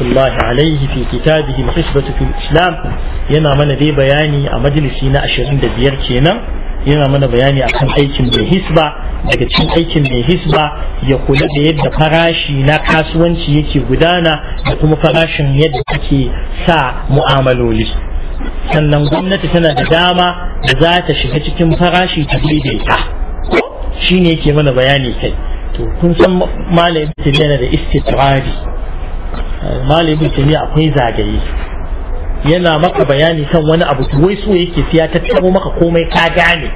الله عليه في كتابه الحسبة في الإسلام ينا من دي بياني أمدلسينا أشرين دبير kenan yana mana bayani akan aikin mai hisba daga cikin aikin mai hisba ya kula da yadda farashi na kasuwanci yake gudana da kuma farashin yadda ake sa mu'amaloli sannan gwamnati tana da dama da za ta shiga cikin farashi ta daidaita shine yake mana bayani kai to kun san malam ibn da istitradi malamin tuni akwai zagaye yana maka bayani kan wani abu to wai so yake siya tabo maka komai ka gane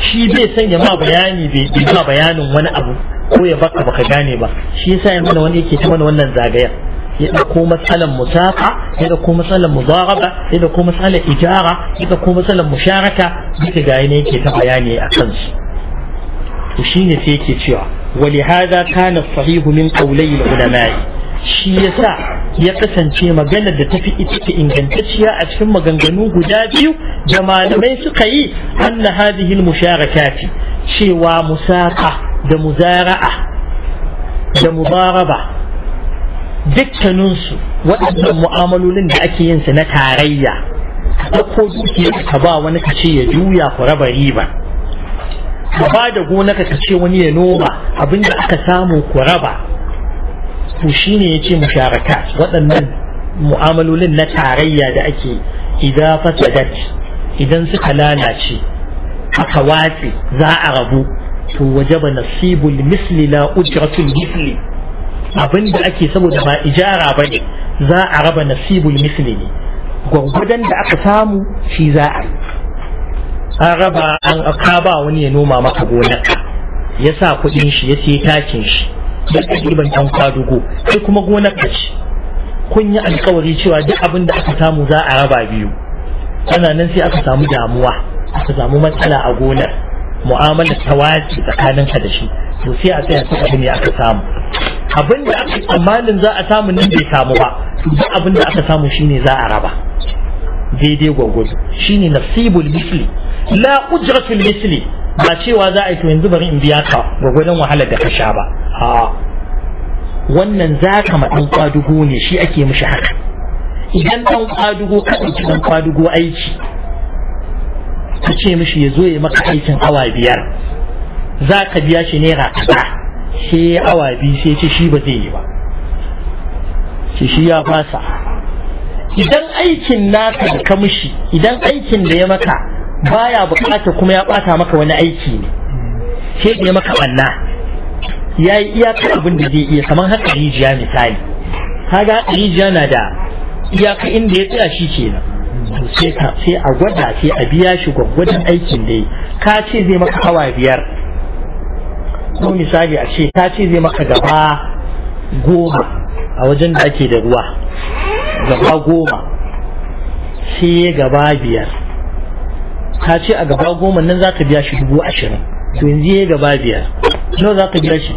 shi bai sanya ma bayani bai ma bayanin wani abu ko ya baka baka gane ba shi yasa ya mana wani yake ta mana wannan zagaya ya ko matsalan musafa ya ko matsalan mudaraba ya ko matsalan ijara ya ko matsalan musharaka duka ga yana yake ta bayani a kansu to shine sai yake cewa ولهذا كان الصحيح من قولي العلماء shi yasa ya kasance maganar da tafi ita ta ingantacciya a cikin maganganu guda biyu da malamai suka yi anna hadhihi kafi. cewa musaka da muzara'a da mubaraba dukkaninsu waɗannan mu'amalolin da ake yin su na tarayya ka ɗauko ka ba wani ka ce ya juya ku raba riba ka ba da gonaka ka ce wani ya noma abinda aka samu ku raba to shine yace musharaka waɗannan mu'amalolin na tarayya da ake idan fasadat idan suka lalace aka watse za a rabu to ba nasibul misli la ujratul misli abinda ake saboda ba ijara ne, za a raba nasibul misli ne gwangwadon da aka samu shi za a yi an raba an ka ba wani ya noma maka gonar ya sa kuɗin shi ya sai takin shi da ɗiban ɗan kwadugo sai kuma gonar ka ci. kun yi alkawari cewa duk abin da aka samu za a raba biyu ana nan sai aka samu damuwa aka samu matsala a gonar Mu'amala ta wace tsakaninka da shi to sai a tsaya ta abin aka samu abin da aka tsammanin za a samu nan bai samu ba duk abin da aka samu shine za a raba daidai gwagwado shine nasibul misli la ujratul misli ba cewa za a yi to yanzu bari in biya ka gwagwadon wahalar da ka sha ba a wannan za ka ma ɗan kwadugo ne shi ake mishi haka idan ɗan kwadugo ka ɗauki ɗan kwadugo aiki ka ce mishi ya zo ya maka aikin awa biyar za ka biya shi naira kaza sai awa biyu sai ce shi ba zai yi ba ce shi ya fasa idan aikin naka da ka mishi idan aikin da ya maka baya bukata kuma ya bata maka wani aiki ne Ke ya maka banna ya yi iyaka abin da zai iya kamar haka rijiya misali kaga haka rijiya na da iyaka inda ya tsaya shi kenan sai sai a gwada sai a biya shi gwaggwadon aikin da ka ce zai maka hawa biyar ko misali a ce ka ce zai maka gaba goma a wajen da ake da ruwa gaba goma sai gaba biyar ka ce a gaba goma nan za ka biya shi dubu ashirin to yanzu ya gaba biyar nawa za ka biya shi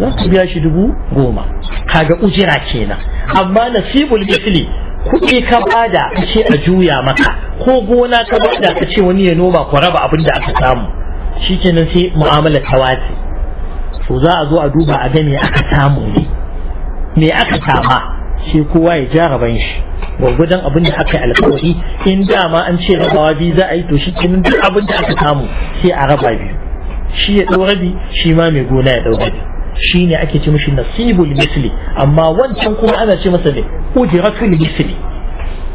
za ka biya shi dubu goma kaga ujira kenan amma nasibul isli kuɗi ka bada ce a juya maka ko gona ka bada ka ce wani ya noma ku raba abin da aka samu shi kenan sai mu'amala ta wace to za a zo a duba a ga aka samu ne me aka sama sai kowa ya ja raban shi gwargwadon abin da aka yi alkawari in dama an ce rabawa biyu za a yi to shi kenan duk abin da aka samu sai a raba biyu shi ya ɗau rabi shi ma mai gona ya ɗau rabi shi ne ake ce mishi nasibul misli amma wancan kuma ana ce masa ne ujratul misli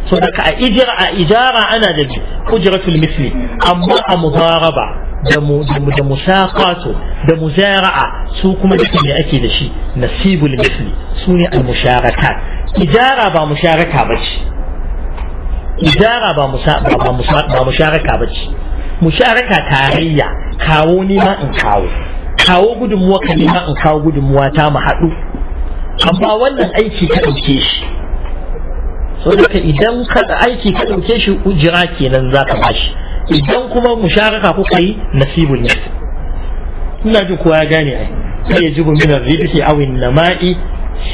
so daga a ijira a ijara ana da ujratul misli amma a mudaraba da da da muzara'a su kuma ake da shi nasibul misli su ne al musharakat ijara ba musharaka bace ijara ba ba musharaka ce musharaka tarayya kawo ni ma in kawo kawo gudunmuwa ka ma in kawo gudunmuwa ta mu haɗu amma wannan aiki ka ɗauke shi saboda idan ka aiki ka ɗauke shi ujira kenan za ka bashi idan kuma musharaka kuka yi nasibun ne ina jin kowa ya gane ai sai ya jibu min rizqi awin nama'i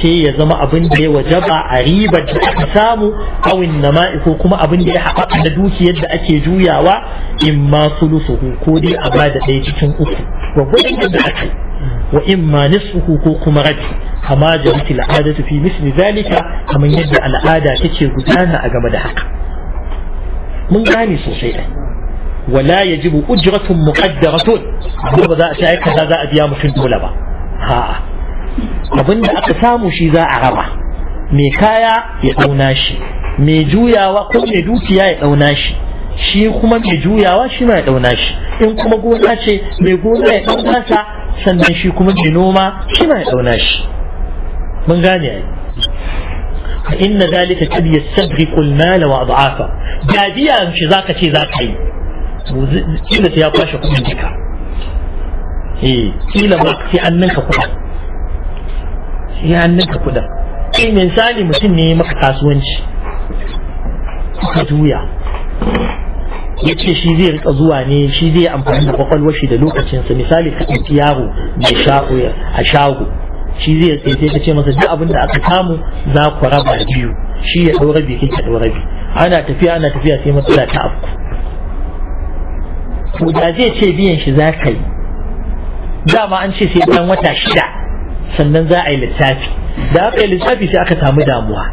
sai ya zama abin da ya wajaba a ribar da aka samu awin nama'i ko kuma abin da ya haɓaka da dukiyar da ake juyawa in ma sulusuhu ko dai a ba da ɗaya cikin uku gwaggwadon da aka wa in ma nisfuhu ko kuma rabi kama jami'in al'adatu fi misli zalika kamar yadda al'ada take gudana a game da haka mun gane sosai Wala ɗai ولا za أجرة a هذا za a كذا ذا mutum dole ba. Ha'a. abinda aka samu shi za a raba mai kaya ya ɗauna shi mai juyawa ko mai dukiya ya ɗauna shi shi kuma mai juyawa shi ma ya ɗauna shi in kuma gona ce mai gona ya ɗauna sa sannan shi kuma mai noma shi ma ya ɗauna shi mun gane ai فإن ذلك قد يستغرق المال ce جاديا مش yi. شيء ya kwashe kuɗin تيا Eh, كم إيه كيلا ما في عنك كم Ya an ninka kuɗin misali mutum ne maka kasuwanci ka juya ya ce shi zai rika zuwa ne shi zai amfani da kwakwalwar shi da lokacinsa misali ka ɗauki yaro mai a shago shi zai tsaye ka ce masa duk abin da aka samu za ku raba biyu shi ya ɗau rabi kai ka ɗau rabi ana tafiya ana tafiya sai matsala ta afku Ko da zai ce biyan shi za ka yi dama an ce sai bayan wata shida sannan za a yi lissafi da aka yi lissafi sai aka samu damuwa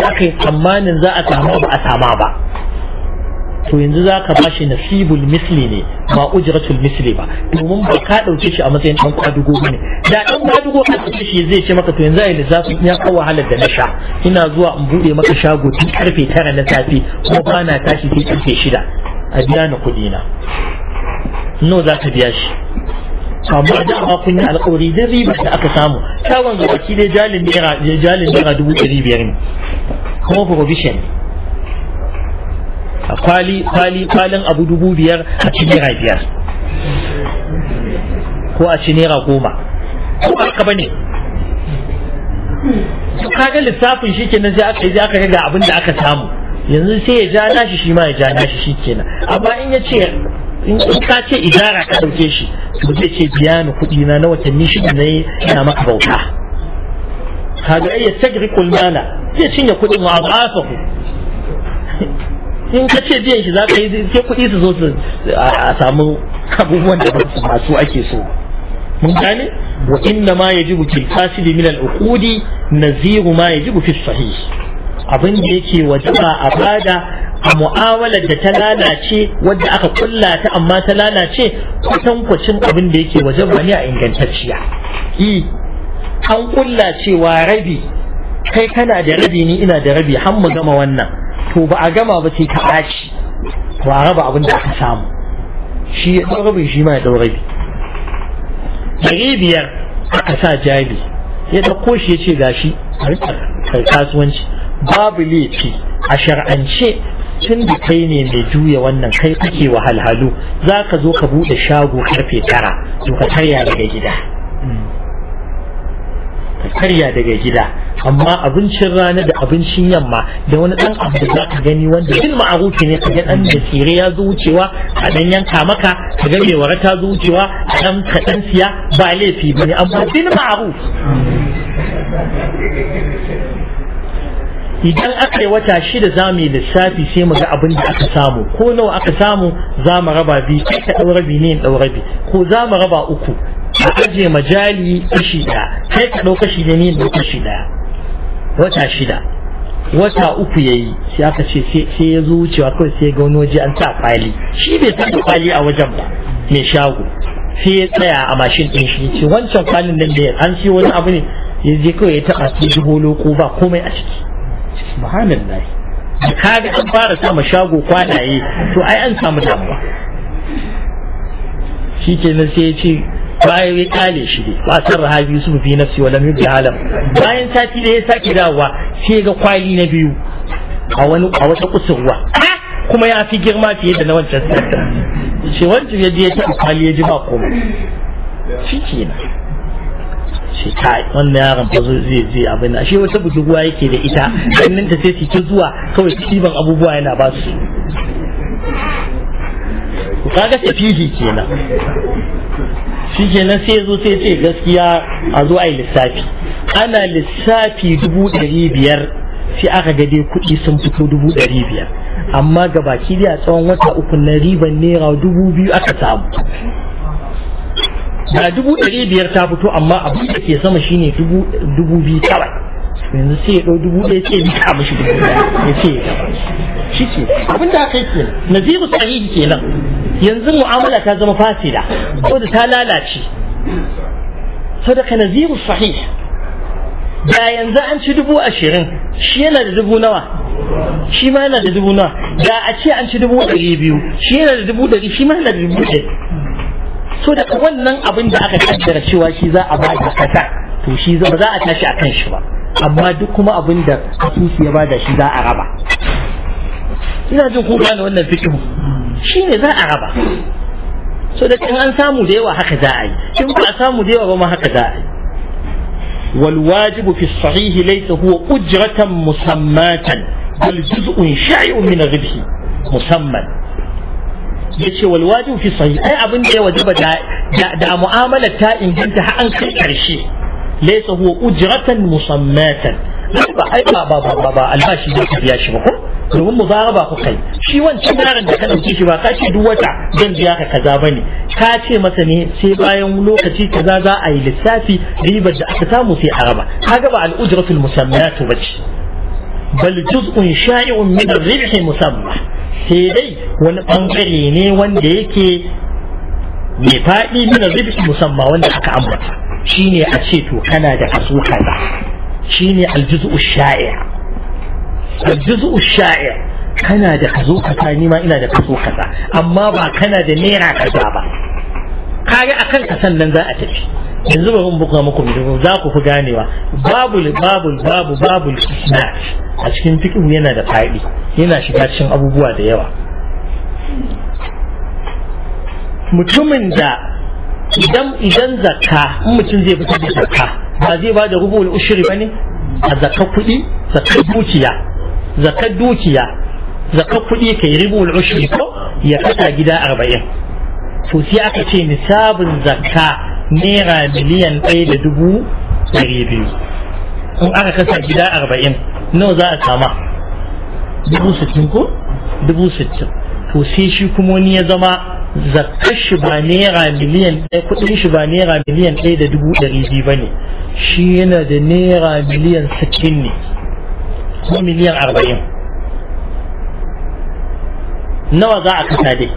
da aka yi tsammanin za a samu ba a sama ba to yanzu za ka ba shi nasibul misli ne ba ujratul misli ba domin ba ka ɗauke shi a matsayin ɗan kwadugo ba ne da ɗan kwadugo ka ɗauke shi zai ce maka to yanzu yi lissafin ya kawo wahalar da na sha ina zuwa in buɗe maka shago tun karfe tara na safe kuma bana na tashi sai karfe shida a biya na kuɗi na nawa za ka biya shi samu amma da kun yi alƙawari don riba da aka samu kyawun ga baki dai jalin naira jalin naira dubu ɗari biyar ne kuma provision a kwali kwali kwalin abu dubu biyar a ci naira biyar ko a ci naira goma ko ba ne. bane kaga lissafin shi nan sai aka yi aka abin da aka samu yanzu sai ya ja nashi shi ma ya ja nashi shi nan amma in ya ce in ka ce idara ka dauke shi to zai ce biya ni kuɗi na na watanni shida na yi ina maka bauta kaga ai yastagriqul mala zai cinye kuɗin wa ku in ka ce biyan shi za ka yi sai kuɗi su zo su a samu abubuwan da masu ake so mun gane wa inna ma yajibu fil fasid min al uqudi naziru ma yajibu fis sahih abin da yake wajaba a bada a mu'amalar da ta lalace wadda aka kulla ta amma ta lalace kwatankwacin abin da yake wajen wani a ingantacciya i e, an kulla cewa rabi kai kana da rabi ni ina da rabi har mu gama wannan to ba a gama ba sai ka ɓaci to a raba abin da aka samu shi ya ɗau rabin shi ma ya ɗau rabi ɗari biyar aka sa jari ya ɗauko shi ya ce gashi a kasuwanci babu laifi a shar'ance tun da kai ne mai juya wannan kai kake wahalhalu za ka zo ka buɗe shago karfe tara to ka karya daga gida ka karya daga gida amma abincin rana da abincin yamma da wani dan abu da za ka gani wanda duk ma'arufi ne ka ga dan da tsire ya zo wucewa a dan yanka maka ka ga mai warata zo wucewa a dan ka dan siya ba laifi bane amma duk ma'aruf idan aka yi wata shida za mu yi lissafi sai mu ga abin da aka samu ko nawa aka samu za mu raba biyu kai ka ɗau rabi ne in ɗau rabi ko za mu raba uku a aje majali kashi ɗaya kai ka ɗau kashi ne in kashi ɗaya wata shida wata uku ya yi sai aka ce sai ya zo wucewa kawai sai ga wani waje an sa kwali shi bai taɓa kwali a wajen ba mai shago sai ya tsaya a mashin ɗin shi ce wancan kwalin nan da an siyo wani abu ne ya je kawai ya taɓa su holo, ko ba komai a ciki subhanallah da kaga an fara sama shago kwanaye to ai an samu damuwa shi kenan sai ya ce bayan ya kale shi ne ba san rahabi su fi nafsi wa lam da alam bayan sati da ya sake dawowa sai ga kwali na biyu a wani a wata kusurwa ah! kuma ya fi girma fiye da na wancan sata shi wancan ya je ya ta kwali ya ji ba komai shi kenan shi kai wannan yaron fa zai zai abin shi wata budurwa yake da ita ganin ta sai ta zuwa kawai kiban abubuwa yana ba su kaga tafihi kenan shi kenan sai zo sai ce gaskiya a zo a lissafi ana lissafi dubu ɗari biyar sai aka gade kuɗi sun fito dubu ɗari biyar amma ga baki da tsawon wata uku na riban naira dubu biyu aka samu da dubu ɗari biyar ta fito amma abin da ke sama shine dubu biyu kawai yanzu sai ya ɗau dubu ɗaya sai ya mika mashi dubu ɗaya ya ce ya shi ce abin da aka yi ke naziru sahihi nan yanzu mu'amala ta zama fasida ko da ta lalace daga naziru sahih da yanzu an ci dubu ashirin shi yana da dubu nawa shi ma yana da dubu nawa da a ce an ci dubu ɗari biyu shi yana da dubu ɗari shi ma yana da dubu ɗari so da wannan abin da aka kaddara cewa shi za a bada kasa to shi ba za a tashi a kan shi ba amma duk kuma abin da asusu ya bada shi za a raba ina jin ko gane wannan fikin shi ne za a raba so da in an samu da yawa haka za a yi in ba a samu da yawa ba ma haka za a yi والواجب في الصحيح ليس هو أجرة مسماة بل جزء شائع من الربح مسمى yace wal wajib fi sahih ai abin da ya wajaba da da mu'amala ta inganta har an kai karshe laysa huwa ujratan musammatan ba ai ba ba ba ba albashi da ka biya shi ba ko domin mu zara ku kai shi wancan yaron da ka dauke shi ba ka ce duk wata zan biya ka kaza bane ka ce masa ne sai bayan lokaci kaza za a yi lissafi ribar da aka samu sai a raba kaga ba al-ujratul musammatu bace bal juz'un sha'i'un min ar-ribhi musamma sai dai wani ɓangare ne wanda yake mai faɗi mina zubi musamman wanda aka ambata shine a ce to kana da kaso kaza shine aljuzu sha'ir aljuzu sha'ir kana da kaso kaza ni ma ina da kaso kaza amma ba kana da naira kaza ba kaga akan kasan nan za a tafi yanzu ba mun buga muku bidiyo za ku fi ganewa babu babu babu babu na a cikin fikin yana da fadi yana shiga cikin abubuwa da yawa mutumin da idan idan zakka in mutum zai fita da zakka ba zai ba da rubul ushri bane a zakka kuɗi zakka dukiya zakka dukiya zakka kuɗi kai rubul ushri ko ya kasa gida arba'in to sai aka ce nisabin zakka naira miliyan ɗaya da dubu ɗari biyu in aka kasa gida arba'in nawa za a sama dubu sittin ko dubu sittin to sai shi kuma wani ya zama zakar shi ba naira miliyan ɗaya kuɗin shi ba naira miliyan ɗaya da dubu ɗari biyu ba ne shi yana da naira miliyan sittin ne ko miliyan arba'in nawa za a kasa dai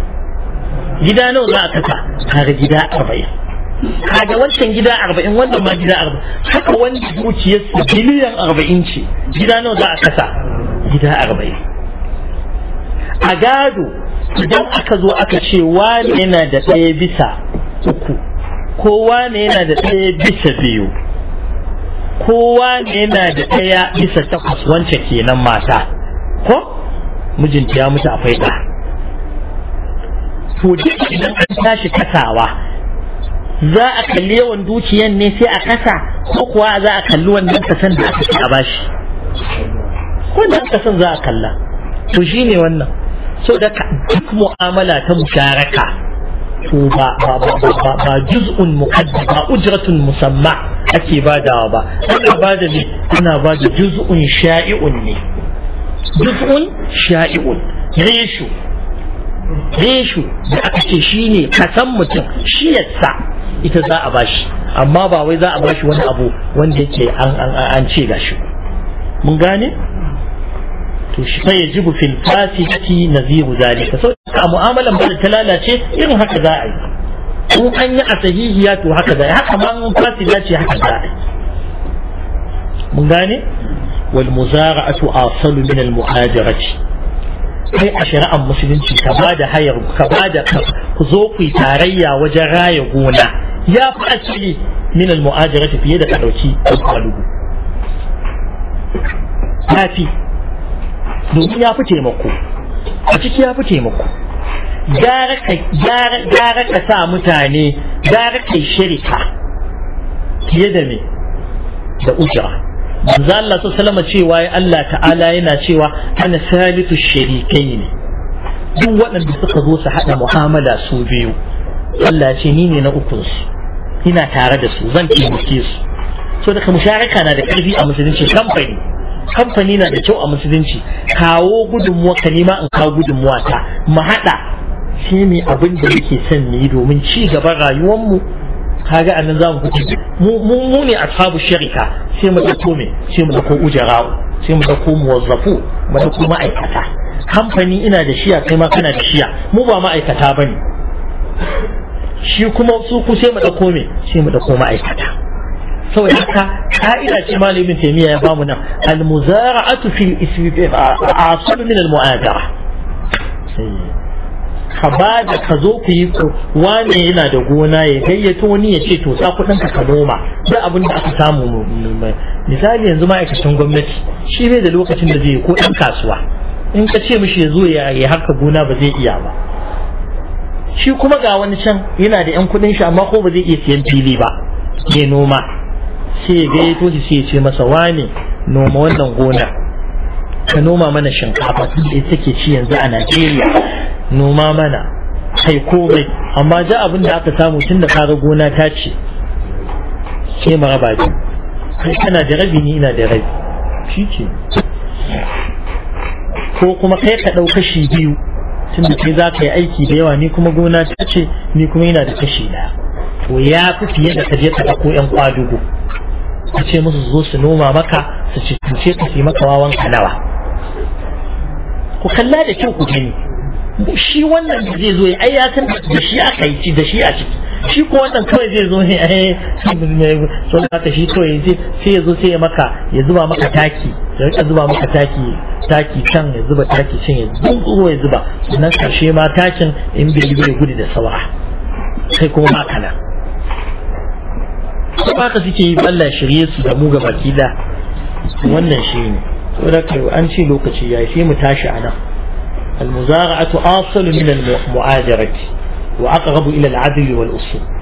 gida nawa za a kasa kaga gida arba'in kaga wancan gida arba'in wannan ma gida arba'in haka wanda zuciyarsa biliyan arba'in ce gida nawa za a kasa gida arba'in a gado idan aka zo aka ce wane yana da ɗaya bisa uku ko wane yana da ɗaya bisa biyu ko wane yana da ɗaya bisa takwas wancan kenan mata ko mijinta ya mutu akwai ɗa to duk idan an tashi kasawa za a kalli yawan dukiyan ne sai a kasa ko kuwa za a kalli wannan kasan da aka ci a bashi Ko wannan kasan za a kalla to shine wannan so da duk mu'amala ta musharaka to ba ba ba ba ba juz'un muqaddam ba ujratun musamma ake badawa ba ana bada ne ana bada juz'un sha'i'un ne juz'un sha'i'un reshu reshu da aka ce shine kasan mutum shiyarsa ita za a bashi amma ba wai za a bashi wani abu wanda yake an ce ga shi gashi mun gane to shi fa yajibu fil fasiti naziru ka so a mu'amalan ba ta lalace irin haka za a yi in an yi a sahihiya to haka za a yi haka ma in fasida ce haka za a yi mun gane wal muzara'atu asalu min al mu'ajarati kai a shari'ar musulunci ka ba da hayar ka ba da ku zo ku yi tarayya wajen raya gona ya fi asali min al ta fiye da ka dauki alƙalubu ya fi domin ya fi taimako a ciki ya fi taimako gara ka sa mutane gara kai shirika fiye da me da ujira manzo Allah sallallahu alaihi cewa ya Allah ta'ala yana cewa ana salitu shirikai ne duk waɗanda suka zo su haɗa mu'amala su biyu Allah ce ni ne na su. ina tare da su zan taimake su so daga musharaka na da ƙarfi a musulunci kamfani kamfani na da kyau a musulunci kawo gudunmuwa ka nema in kawo gudunmuwa ta mu haɗa shi ne abin da muke son ne domin ci gaban rayuwarmu kaga a nan za mu fito mu mu ne ashabu sharika sai mu dauko me sai mu dauko ujara'u sai mu dauko muwazzafu mu dauko ma'aikata kamfani ina da shiya kai ma kana da shiya mu ba ma'aikata bane shi kuma su ku sai mu dauko me sai mu dauko ma'aikata saboda haka ka'ida ce malam ibn taymiya ya bamu nan al muzara'atu fil a asab min al mu'adara ka ba da ka zo ku yi ku wane yana da gona ya gayyato wani ya ce to sa kudin ka noma duk abin da aka samu misali yanzu ma'aikacin gwamnati shi bai da lokacin da zai yi ko ɗan kasuwa in ka ce mishi ya zo ya harka gona ba zai iya ba shi kuma ga wani can yana da yan kudin shi amma ko ba zai iya siyan fili ba ke noma sai ya gaya to sai ya ce masa wane noma wannan gona ka noma mana shinkafa da take ci yanzu a Najeriya noma mana kai komai amma ja abin da aka samu tun da kara gona ta ce sai mu raba ji kai kana da rabi ni ina da rabi shi ko kuma kai ka ɗau kashi biyu tun da kai za ka yi aiki da yawa ni kuma gona ta ce ni kuma yana da kashi daya to ya fi fiye da ka je ka ɗauko yan kwadugo ka ce musu zo su noma maka su ci tuce ka fi maka wawan nawa. ku kalla da kyau ku gani shi wannan da zai zo ya ai ya da shi aka yi da shi a ciki shi ko wannan kawai zai zo ne eh so ta shi to zai sai ya zo sai ya maka ya zuba maka taki ya rika zuba maka taki taki can ya zuba taki can ya zuba ya zuba sannan karshe ma takin in bai bai gudu da saura kai kuma ba Ko ba ka suke yi Allah shirye su da mu ga baki da wannan shi ne kai an ce lokaci ya sai mu tashi a nan المزارعة أصل من المعاجرة وأقرب إلى العدل والأصول